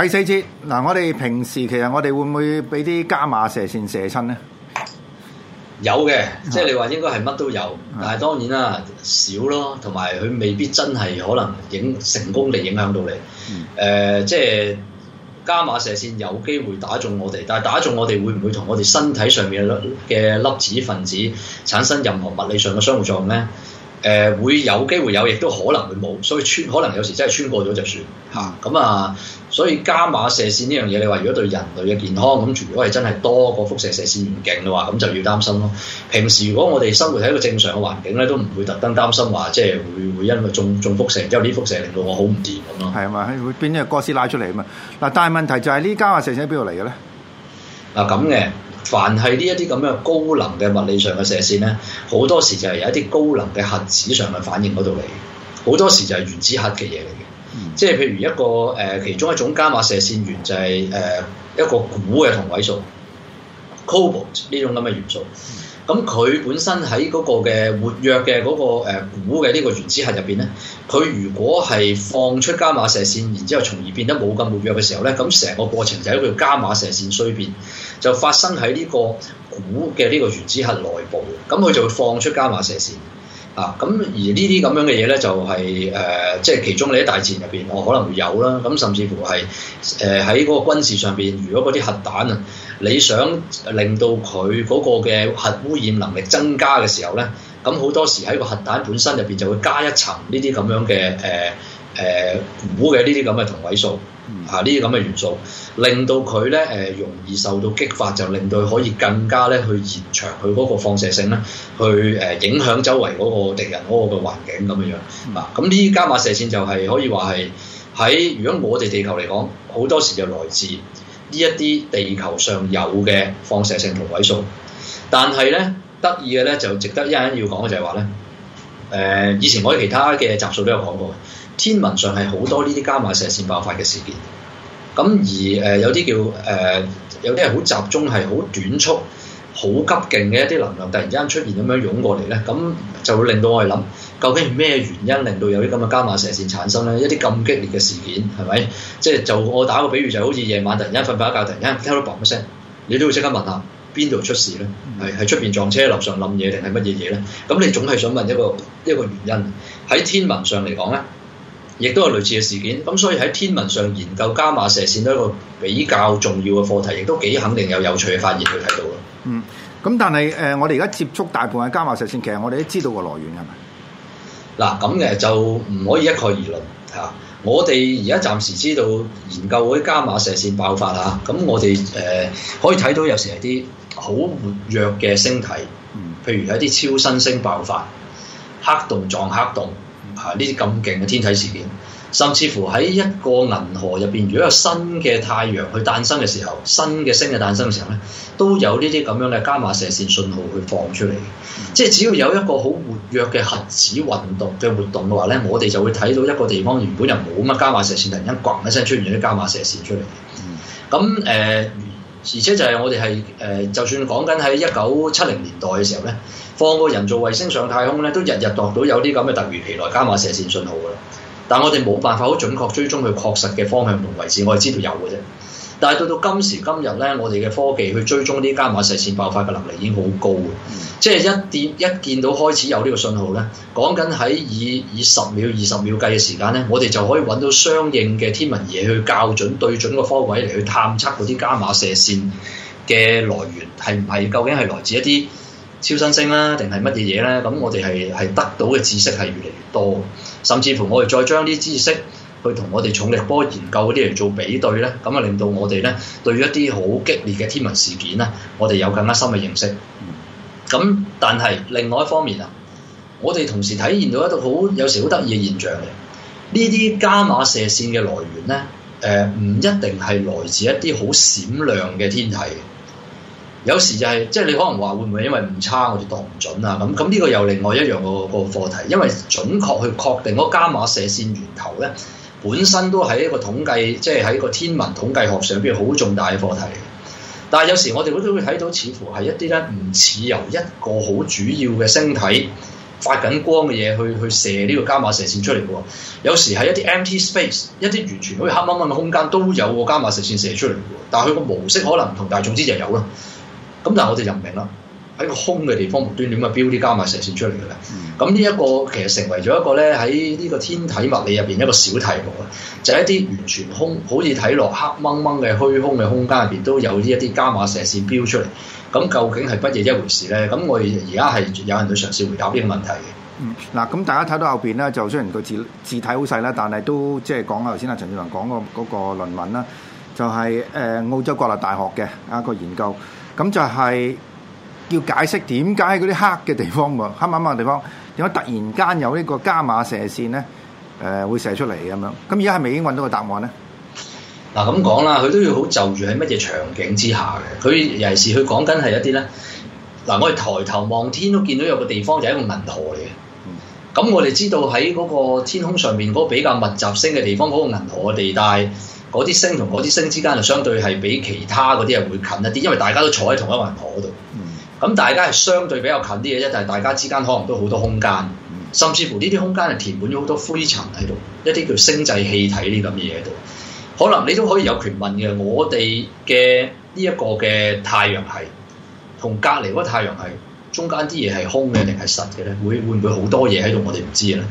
第四節嗱，我哋平時其實我哋會唔會俾啲伽馬射線射親呢？有嘅，即係你話應該係乜都有，的但係當然啦，少咯，同埋佢未必真係可能影成功地影響到你。誒、嗯呃，即係伽馬射線有機會打中我哋，但係打中我哋會唔會同我哋身體上面嘅粒子分子產生任何物理上嘅相互作用呢？誒、呃，會有機會有，亦都可能會冇，所以穿可能有時真係穿過咗就算嚇咁啊！所以加瑪射線呢樣嘢，你話如果對人類嘅健康，咁如果係真係多個輻射射線唔勁嘅話，咁就要擔心咯。平時如果我哋生活喺一個正常嘅環境咧，都唔會特登擔心話，即係會會因為中中輻射，然之後呢輻射令到我好唔掂咁咯。係啊嘛，會變啲哥斯拉出嚟啊嘛。嗱，但係問題就係呢加瑪射線喺邊度嚟嘅咧？嗱咁嘅，凡係呢一啲咁樣高能嘅物理上嘅射線咧，好多時就係有一啲高能嘅核子上嘅反應嗰度嚟，好多時就係原子核嘅嘢嚟嘅。即係譬如一個誒、呃、其中一種伽馬射線源就係、是、誒、呃、一個鉬嘅同位素，cobalt 呢種咁嘅元素。咁佢、嗯、本身喺嗰個嘅活躍嘅嗰、那個誒鉬嘅呢個原子核入邊咧，佢如果係放出伽馬射線，然之後從而變得冇咁活躍嘅時候咧，咁成個過程就係一個伽馬射線衰變，就發生喺呢個鉬嘅呢個原子核內部，咁佢就會放出伽馬射線。啊，咁而這這呢啲咁樣嘅嘢咧，就係、是、誒、呃，即係其中你一大戰入邊，我可能會有啦。咁、嗯、甚至乎係誒喺嗰個軍事上邊，如果嗰啲核彈啊，你想令到佢嗰個嘅核污染能力增加嘅時候咧，咁、嗯、好多時喺個核彈本身入邊就會加一層呢啲咁樣嘅誒。呃誒，古嘅呢啲咁嘅同位素，嚇呢啲咁嘅元素，令到佢咧誒容易受到激發，就令到佢可以更加咧去延長佢嗰個放射性咧，去誒、呃、影響周圍嗰個敵人嗰個嘅環境咁嘅樣。嗱、啊，咁呢啲伽馬射線就係、是、可以話係喺如果我哋地球嚟講，好多時就來自呢一啲地球上有嘅放射性同位素。但係咧，得意嘅咧，就值得一陣要講嘅就係話咧，誒、呃、以前我其他嘅集數都有講過。天文上係好多呢啲伽馬射線爆發嘅事件，咁而誒、呃、有啲叫誒、呃、有啲係好集中係好短促、好急勁嘅一啲能量突然之間出現咁樣湧過嚟咧，咁就會令到我哋諗究竟係咩原因令到有啲咁嘅伽馬射線產生咧？一啲咁激烈嘅事件係咪？即係就我打個比喻，就係、好似夜晚突然間瞓瞓一覺，突然間聽到嘣一聲，你都會即刻問下邊度出事咧？係係出邊撞車樓、樓上冧嘢定係乜嘢嘢咧？咁你總係想問一個一個原因。喺天文上嚟講咧，亦都有類似嘅事件，咁所以喺天文上研究伽馬射線都係一個比較重要嘅課題，亦都幾肯定有有趣嘅發現，佢睇到啦。嗯。咁但係誒、呃，我哋而家接觸大部分嘅伽馬射線，其實我哋都知道個來源係咪？嗱，咁誒、啊、就唔可以一概而論嚇、啊。我哋而家暫時知道研究嗰啲伽馬射線爆發嚇，咁、啊嗯、我哋誒、呃、可以睇到有時係啲好活躍嘅星體，嗯、譬如有一啲超新星爆發、黑洞撞黑洞。呢啲咁勁嘅天體事件，甚至乎喺一個銀河入邊，如果有新嘅太陽去誕生嘅時候，新嘅星嘅誕生嘅時候咧，都有呢啲咁樣嘅伽馬射線信號去放出嚟嘅。即係只要有一個好活躍嘅核子運動嘅活動嘅話咧，我哋就會睇到一個地方原本又冇乜伽馬射線，突然間轟一聲出現咗啲伽馬射線出嚟嘅。咁誒。呃而且就係我哋係誒，就算講緊喺一九七零年代嘅時候咧，放個人造衛星上太空咧，都日日度到有啲咁嘅突如其來加瑪射線信號噶啦，但我哋冇辦法好準確追蹤佢確實嘅方向同位置，我哋知道有嘅啫。但係到到今時今日咧，我哋嘅科技去追蹤啲伽馬射線爆發嘅能力已經好高嘅，即係一掂一見到開始有個訊呢個信號咧，講緊喺以以十秒二十秒計嘅時間咧，我哋就可以揾到相應嘅天文儀去校準對準個方位嚟去探測嗰啲伽馬射線嘅來源係唔係究竟係來自一啲超新星啦，定係乜嘢嘢咧？咁我哋係係得到嘅知識係越嚟越多，甚至乎我哋再將啲知識去同我哋重力波研究嗰啲嚟做比對咧，咁啊令到我哋咧對一啲好激烈嘅天文事件咧，我哋有更加深嘅認識。咁、嗯、但係另外一方面啊，我哋同時體現到一個好有時好得意嘅現象嘅，呢啲伽馬射線嘅來源咧，誒、呃、唔一定係來自一啲好閃亮嘅天體，有時就係即係你可能話會唔會因為誤差，我哋度唔準啊？咁咁呢個又另外一樣個、個課題，因為準確去確定嗰伽馬射線源頭咧。本身都喺一個統計，即係喺個天文統計學上邊好重大嘅課題。但係有時我哋都會睇到，似乎係一啲咧，唔似由一個好主要嘅星體發緊光嘅嘢去去射呢個伽馬射線出嚟嘅。有時係一啲 empty space，一啲完全可以黑掹掹嘅空間都有個伽馬射線射出嚟。但係佢個模式可能唔同，但係總之就有啦。咁但係我哋就唔明啦。喺個空嘅地方無端端咁嘅標啲加瑪射線出嚟嘅，咁呢一個其實成為咗一個咧喺呢個天體物理入邊一個小題目啦，就係、是、一啲完全空，好似睇落黑掹掹嘅虛空嘅空間入邊都有呢一啲加瑪射線標出嚟，咁究竟係乜嘢一回事咧？咁我哋而家係有人去嘗試回答呢個問題嘅。嗱、嗯，咁大家睇到後邊咧，就雖然個字字體好細啦，但係都即係講啊頭先阿陳志宏講個嗰個論文啦，就係、是、誒、呃、澳洲國立大學嘅一個研究，咁就係、是。要解釋點解嗰啲黑嘅地方，黑掹掹嘅地方，點解突然間有呢個加瑪射線呢？誒、呃，會射出嚟咁樣。咁而家係咪已經揾到個答案呢？嗱，咁講啦，佢都要好就住喺乜嘢場景之下嘅。佢尤其是佢講緊係一啲呢。嗱，我哋抬頭望天都見到有個地方就係、是、一個銀河嚟嘅。咁我哋知道喺嗰個天空上面嗰個比較密集星嘅地方，嗰、那個銀河嘅地帶，嗰啲星同嗰啲星之間就相對係比其他嗰啲係會近一啲，因為大家都坐喺同一個銀河度。咁大家係相對比較近啲嘅啫，但係大家之間可能都好多空間，甚至乎呢啲空間係填滿咗好多灰塵喺度，一啲叫星際氣體呢啲咁嘅嘢喺度。可能你都可以有權問嘅，我哋嘅呢一個嘅太陽系同隔籬嗰個太陽系，中間啲嘢係空嘅定係實嘅咧？會會唔會好多嘢喺度？我哋唔知嘅啦。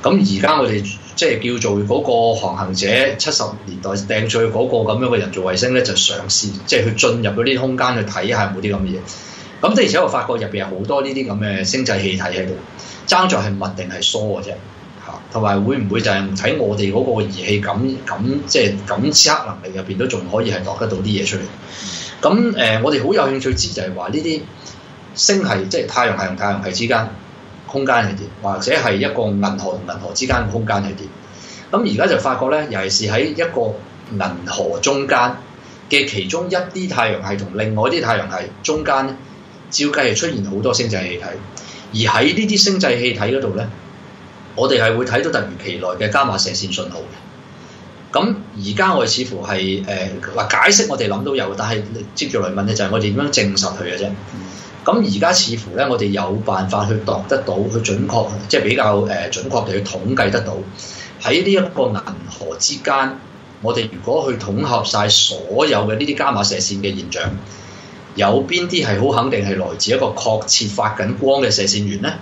咁而家我哋即係叫做嗰個航行者七十年代掟出去嗰個咁樣嘅人造衛星咧，就嘗試即係去進入嗰啲空間去睇下有冇啲咁嘅嘢。咁、嗯，而且我發覺入邊有好多呢啲咁嘅星際氣體喺度，爭在係密定係疏嘅啫嚇。同、啊、埋會唔會就係喺我哋嗰個儀器感感，即係感測能力入邊都仲可以係落得到啲嘢出嚟？咁、啊、誒，我哋好有興趣知就係話呢啲星系即係太陽系同太陽系之間空間係點，或者係一個銀河同銀河之間嘅空間係點？咁而家就發覺咧，尤其是喺一個銀河中間嘅其中一啲太陽系同另外啲太陽系中間咧。照計係出現好多星際氣體，而喺呢啲星際氣體嗰度呢，我哋係會睇到突如其來嘅伽馬射線信號嘅。咁而家我哋似乎係誒，嗱、呃、解釋我哋諗都有，但係接住嚟問咧就係我哋點樣證實佢嘅啫。咁而家似乎呢，我哋有辦法去度得到，去準確，即係比較誒準確地去統計得到喺呢一個銀河之間，我哋如果去統合晒所有嘅呢啲伽馬射線嘅現象。有邊啲係好肯定係來自一個確切發緊光嘅射線源呢？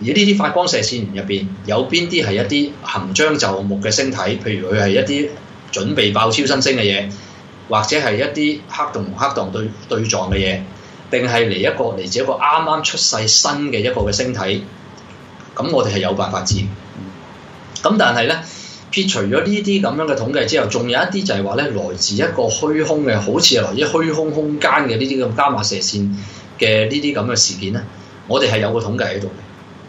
而呢啲發光射線源入邊，有邊啲係一啲行將就木嘅星體？譬如佢係一啲準備爆超新星嘅嘢，或者係一啲黑洞同黑洞對對撞嘅嘢，定係嚟一個嚟自一個啱啱出世新嘅一個嘅星體？咁我哋係有辦法知。咁但係呢。撇除咗呢啲咁樣嘅統計之後，仲有一啲就係話咧來自一個虛空嘅，好似係來自虛空空間嘅呢啲咁加瑪射線嘅呢啲咁嘅事件咧，我哋係有個統計喺度嘅。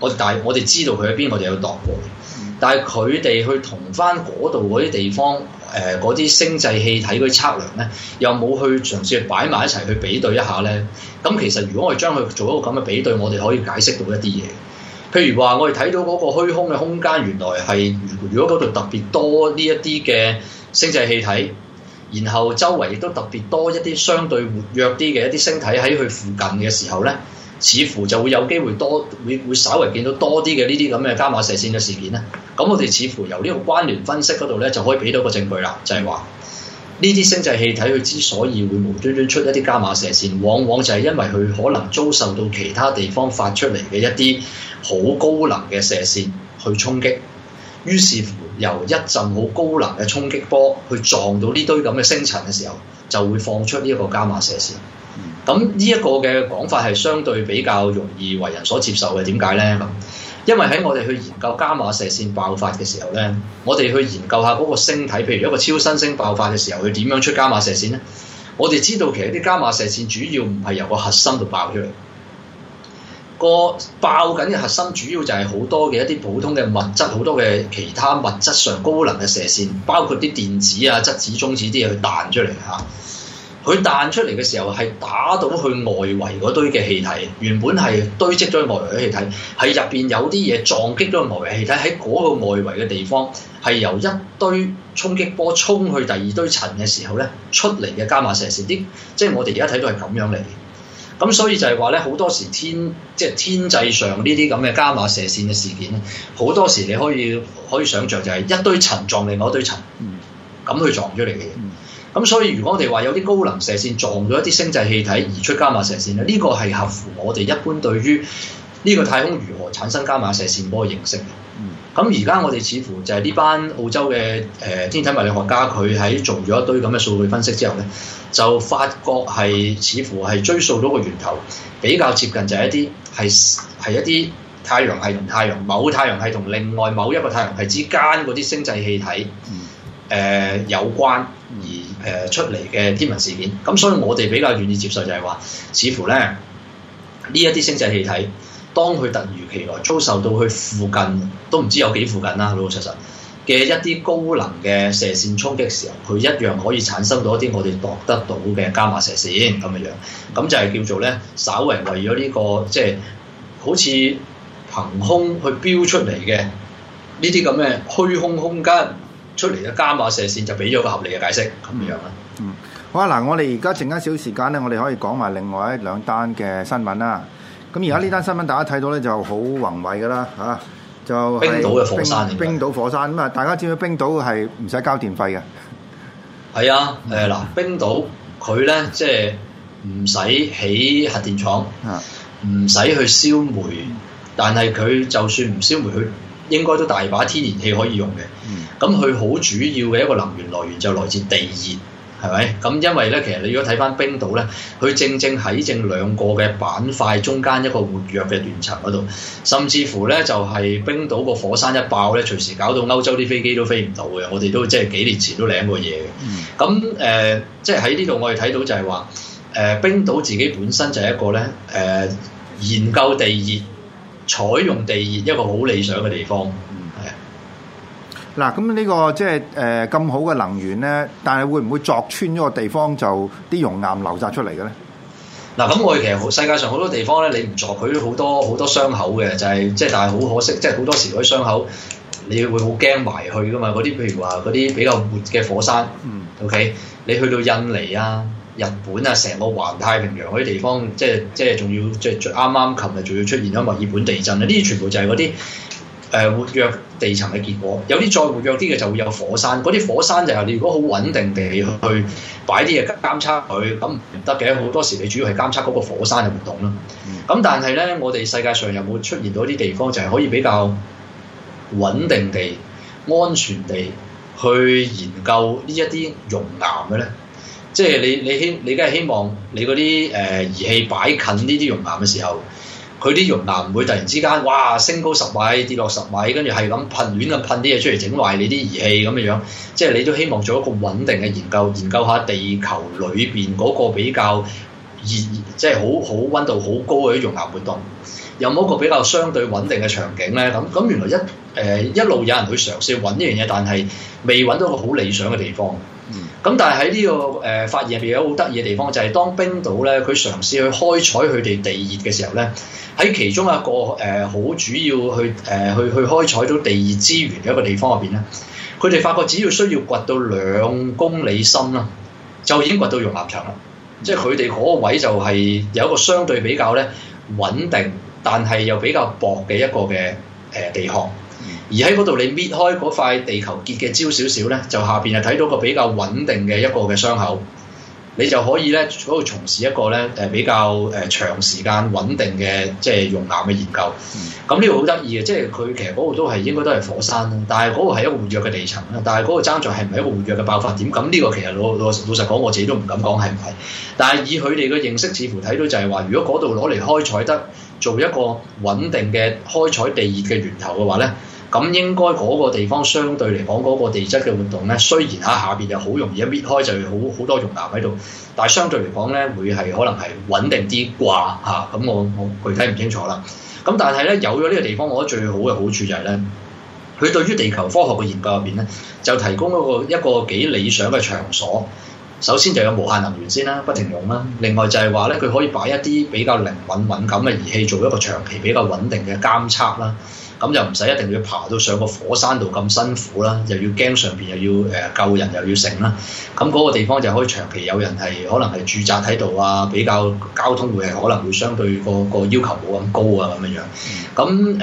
我但係我哋知道佢喺邊，我哋有度過嘅。但係佢哋去同翻嗰度嗰啲地方誒嗰啲星際氣體嗰啲測量咧，又冇去嘗試擺埋一齊去比對一下咧？咁其實如果我哋將佢做一個咁嘅比對，我哋可以解釋到一啲嘢。譬如話，我哋睇到嗰個虛空嘅空間原來係，如果嗰度特別多呢一啲嘅星際氣體，然後周圍亦都特別多一啲相對活躍啲嘅一啲星體喺佢附近嘅時候咧，似乎就會有機會多，會會稍微見到多啲嘅呢啲咁嘅伽馬射線嘅事件咧。咁我哋似乎由呢個關聯分析嗰度咧，就可以俾到個證據啦，就係話。呢啲星際氣體佢之所以會無端端出一啲伽馬射線，往往就係因為佢可能遭受到其他地方發出嚟嘅一啲好高能嘅射線去衝擊，於是乎由一陣好高能嘅衝擊波去撞到呢堆咁嘅星塵嘅時候，就會放出呢一個伽馬射線。咁呢一個嘅講法係相對比較容易為人所接受嘅，點解呢？因為喺我哋去研究加瑪射線爆發嘅時候咧，我哋去研究下嗰個星體，譬如一個超新星爆發嘅時候，佢點樣出加瑪射線咧？我哋知道其實啲加瑪射線主要唔係由個核心度爆出嚟，個爆緊嘅核心主要就係好多嘅一啲普通嘅物質，好多嘅其他物質上高能嘅射線，包括啲電子啊、質子、中子啲嘢去彈出嚟吓。佢彈出嚟嘅時候係打到去外圍嗰堆嘅氣體，原本係堆積咗外圍嘅氣體，係入邊有啲嘢撞擊咗個外圍氣體，喺嗰個外圍嘅地方係由一堆衝擊波衝去第二堆塵嘅時候咧，出嚟嘅伽馬射線啲，即係我哋而家睇到係咁樣嚟。咁所以就係話咧，好多時天即係、就是、天際上呢啲咁嘅伽馬射線嘅事件咧，好多時你可以可以想像就係一堆塵撞另外一堆塵，咁去撞咗嚟嘅。咁所以如果我哋話有啲高能射線撞咗一啲星際氣體而出伽馬射線咧，呢、呢個係合乎我哋一般對於呢個太空如何產生伽馬射線波嘅認識嘅。咁而家我哋似乎就係呢班澳洲嘅誒、呃、天體物理學家，佢喺做咗一堆咁嘅數據分析之後呢就發覺係似乎係追溯咗個源頭比較接近就係一啲係係一啲太陽系同太陽某太陽系同另外某一個太陽系之間嗰啲星際氣體誒、呃、有關。誒出嚟嘅天文事件，咁所以我哋比較願意接受就係話似乎咧呢一啲星際氣體，當佢突如其來遭受到佢附近都唔知有幾附近啦，老老實實嘅一啲高能嘅射線衝擊時候，佢一樣可以產生到一啲我哋度得到嘅加瑪射線咁嘅樣，咁就係叫做咧，稍微為咗呢、這個即係、就是、好似憑空去飆出嚟嘅呢啲咁嘅虛空空間。出嚟嘅加瑪射線就俾咗個合理嘅解釋，咁樣啦。嗯，好啊！嗱，我哋而家剩翻少時間咧，我哋可以講埋另外一兩單嘅新聞啦。咁而家呢單新聞大家睇到咧就好宏偉噶啦嚇，就冰，冰島嘅火山冰。冰島火山咁啊！大家知唔知冰島係唔使交電費嘅？係啊，誒、呃、嗱，冰島佢咧即係唔使起核電廠，唔使去燒煤，但係佢就算唔燒煤去。應該都大把天然氣可以用嘅，咁佢好主要嘅一個能源來源就來自地熱，係咪？咁因為呢，其實你如果睇翻冰島呢，佢正正喺正兩個嘅板塊中間一個活躍嘅斷層嗰度，甚至乎呢就係、是、冰島個火山一爆呢，隨時搞到歐洲啲飛機都飛唔到嘅。我哋都即係幾年前都領過嘢嘅。咁誒、嗯，即係喺呢度我哋睇到就係話，誒、呃、冰島自己本身就係一個呢誒、呃、研究地熱。採用地熱一個好理想嘅地方，嗯，係啊是。嗱、這個，咁呢個即係誒咁好嘅能源咧，但係會唔會鑿穿呢個地方就啲熔岩流滯出嚟嘅咧？嗱、嗯，咁我哋其實世界上好多地方咧，你唔鑿佢好多好多，多傷口嘅，就係即係但係好可惜，即係好多時嗰啲傷口，你會好驚埋去㗎嘛？嗰啲譬如話嗰啲比較活嘅火山，嗯，OK，你去到印尼啊。日本啊，成個環太平洋嗰啲地方，即係即係仲要即係啱啱琴日仲要出現咗墨爾本地震咧，呢啲全部就係嗰啲誒活躍地層嘅結果。有啲再活躍啲嘅就會有火山，嗰啲火山就係你如果好穩定地去擺啲嘢監測佢，咁唔得嘅。好多時你主要係監測嗰個火山嘅活動啦。咁但係咧，我哋世界上有冇出現到啲地方，就係可以比較穩定地、安全地去研究呢一啲熔岩嘅咧？即係你你希你梗係希望你嗰啲誒儀器擺近呢啲熔岩嘅時候，佢啲熔岩唔會突然之間，哇升高十米、跌落十米，跟住係咁噴亂咁噴啲嘢出嚟整壞你啲儀器咁嘅樣。即係你都希望做一個穩定嘅研究，研究下地球裏邊嗰個比較熱，即係好好温度好高嘅啲熔岩活動，有冇一個比較相對穩定嘅場景咧？咁咁原來一誒、呃、一路有人去嘗試揾呢樣嘢，但係未揾到一個好理想嘅地方。咁、嗯、但係喺呢個誒發現入邊有好得意嘅地方，就係、是、當冰島咧，佢嘗試去開採佢哋地熱嘅時候咧，喺其中一個誒好、呃、主要去誒、呃、去去開採到地熱資源嘅一個地方入邊咧，佢哋發覺只要需要掘到兩公里深啦，就已經掘到熔岩層啦，即係佢哋嗰個位就係有一個相對比較咧穩定，但係又比較薄嘅一個嘅誒、呃、地殼。而喺嗰度，你搣開嗰塊地球結嘅焦少少咧，就下邊係睇到個比較穩定嘅一個嘅傷口，你就可以咧嗰度從事一個咧誒比較誒長時間穩定嘅即係熔岩嘅研究。咁呢個好得意嘅，即係佢其實嗰度都係應該都係火山、啊，但係嗰度係一個活躍嘅地層、啊，但係嗰個爭在係唔係一個活躍嘅爆發點？咁呢個其實老老老實講，我自己都唔敢講係唔係。但係以佢哋嘅認識，似乎睇到就係話，如果嗰度攞嚟開採得做一個穩定嘅開採地熱嘅源頭嘅話咧。咁應該嗰個地方相對嚟講，嗰個地質嘅活動呢，雖然啊下邊就好容易啊搣開，就好好多熔岩喺度，但係相對嚟講呢，會係可能係穩定啲啩嚇。咁、啊、我我具體唔清楚啦。咁但係呢，有咗呢個地方，我覺得最好嘅好處就係呢，佢對於地球科學嘅研究入邊呢，就提供一個一個幾理想嘅場所。首先就有無限能源先啦，不停用啦。另外就係話咧，佢可以擺一啲比較靈敏敏感嘅儀器，做一個長期比較穩定嘅監測啦。咁就唔使一定要爬到上個火山度咁辛苦啦，又要驚上邊又要誒、呃、救人又要成啦。咁嗰個地方就可以長期有人係可能係駐紮喺度啊，比較交通會係可能會相對、嗰個、嗰個要求冇咁高啊咁樣樣。咁誒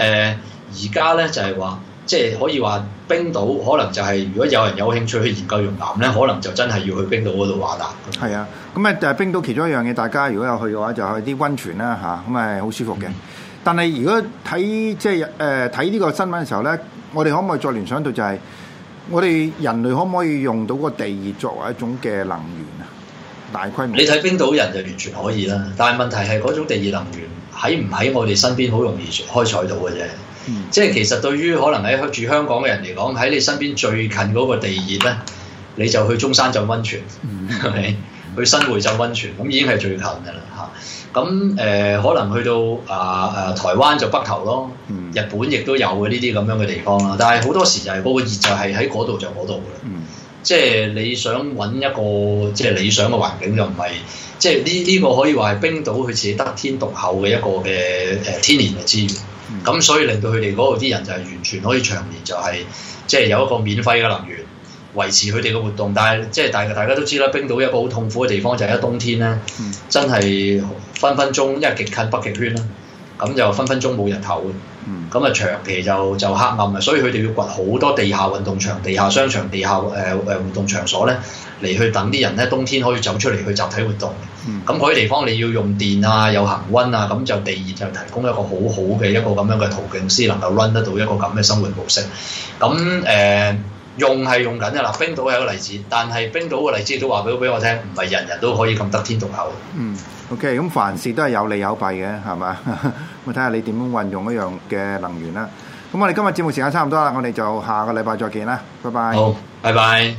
而家咧就係、是、話。即係可以話冰島可能就係，如果有人有興趣去研究熔岩咧，可能就真係要去冰島嗰度玩啦。係啊，咁、嗯、啊，但係冰島其中一樣嘢，大家如果有去嘅話，就去啲温泉啦、啊，吓、啊，咁係好舒服嘅。嗯、但係如果睇即係誒睇呢個新聞嘅時候咧，我哋可唔可以再聯想到就係我哋人類可唔可以用到個地熱作為一種嘅能源啊？大規模你睇冰島人就完全可以啦，但係問題係嗰種地熱能源喺唔喺我哋身邊好容易開採到嘅啫。即係其實對於可能喺住香港嘅人嚟講，喺你身邊最近嗰個地熱咧，你就去中山浸温泉，係咪？去新會浸温泉，咁已經係最近嘅啦嚇。咁誒、呃、可能去到啊誒、呃呃、台灣就北投咯，日本亦都有嘅呢啲咁樣嘅地方啦。但係好多時就係嗰個熱就係喺嗰度就嗰度嘅，即係 你想搵一個即係、就是、理想嘅環境就，就唔係即係呢呢個可以話係冰島佢自己得天獨厚嘅一個嘅誒、呃、天然嘅資源。咁、嗯、所以令到佢哋嗰度啲人就係完全可以長年就係即係有一個免費嘅能源維持佢哋嘅活動，但係即係大家大家都知啦，冰島一個好痛苦嘅地方就係一冬天咧，嗯、真係分分鐘一極近北極圈啦。咁就分分鐘冇人投嘅，咁啊長期就就黑暗啊，所以佢哋要掘好多地下運動場、地下商場、地下誒誒、呃、活動場所咧，嚟去等啲人咧冬天可以走出嚟去集體活動。咁嗰啲地方你要用電啊、有恆溫啊，咁就地熱就提供一個好好嘅一個咁樣嘅途徑，先能夠 run 得到一個咁嘅生活模式。咁誒、呃、用係用緊嘅啦，冰島係一個例子，但係冰島嘅例子都話俾我聽，唔係人人都可以咁得天獨厚。嗯。OK，咁凡事都係有利有弊嘅，係嘛？我睇下你點樣運用一樣嘅能源啦。咁我哋今日節目時間差唔多啦，我哋就下個禮拜再見啦，拜拜。好，拜拜。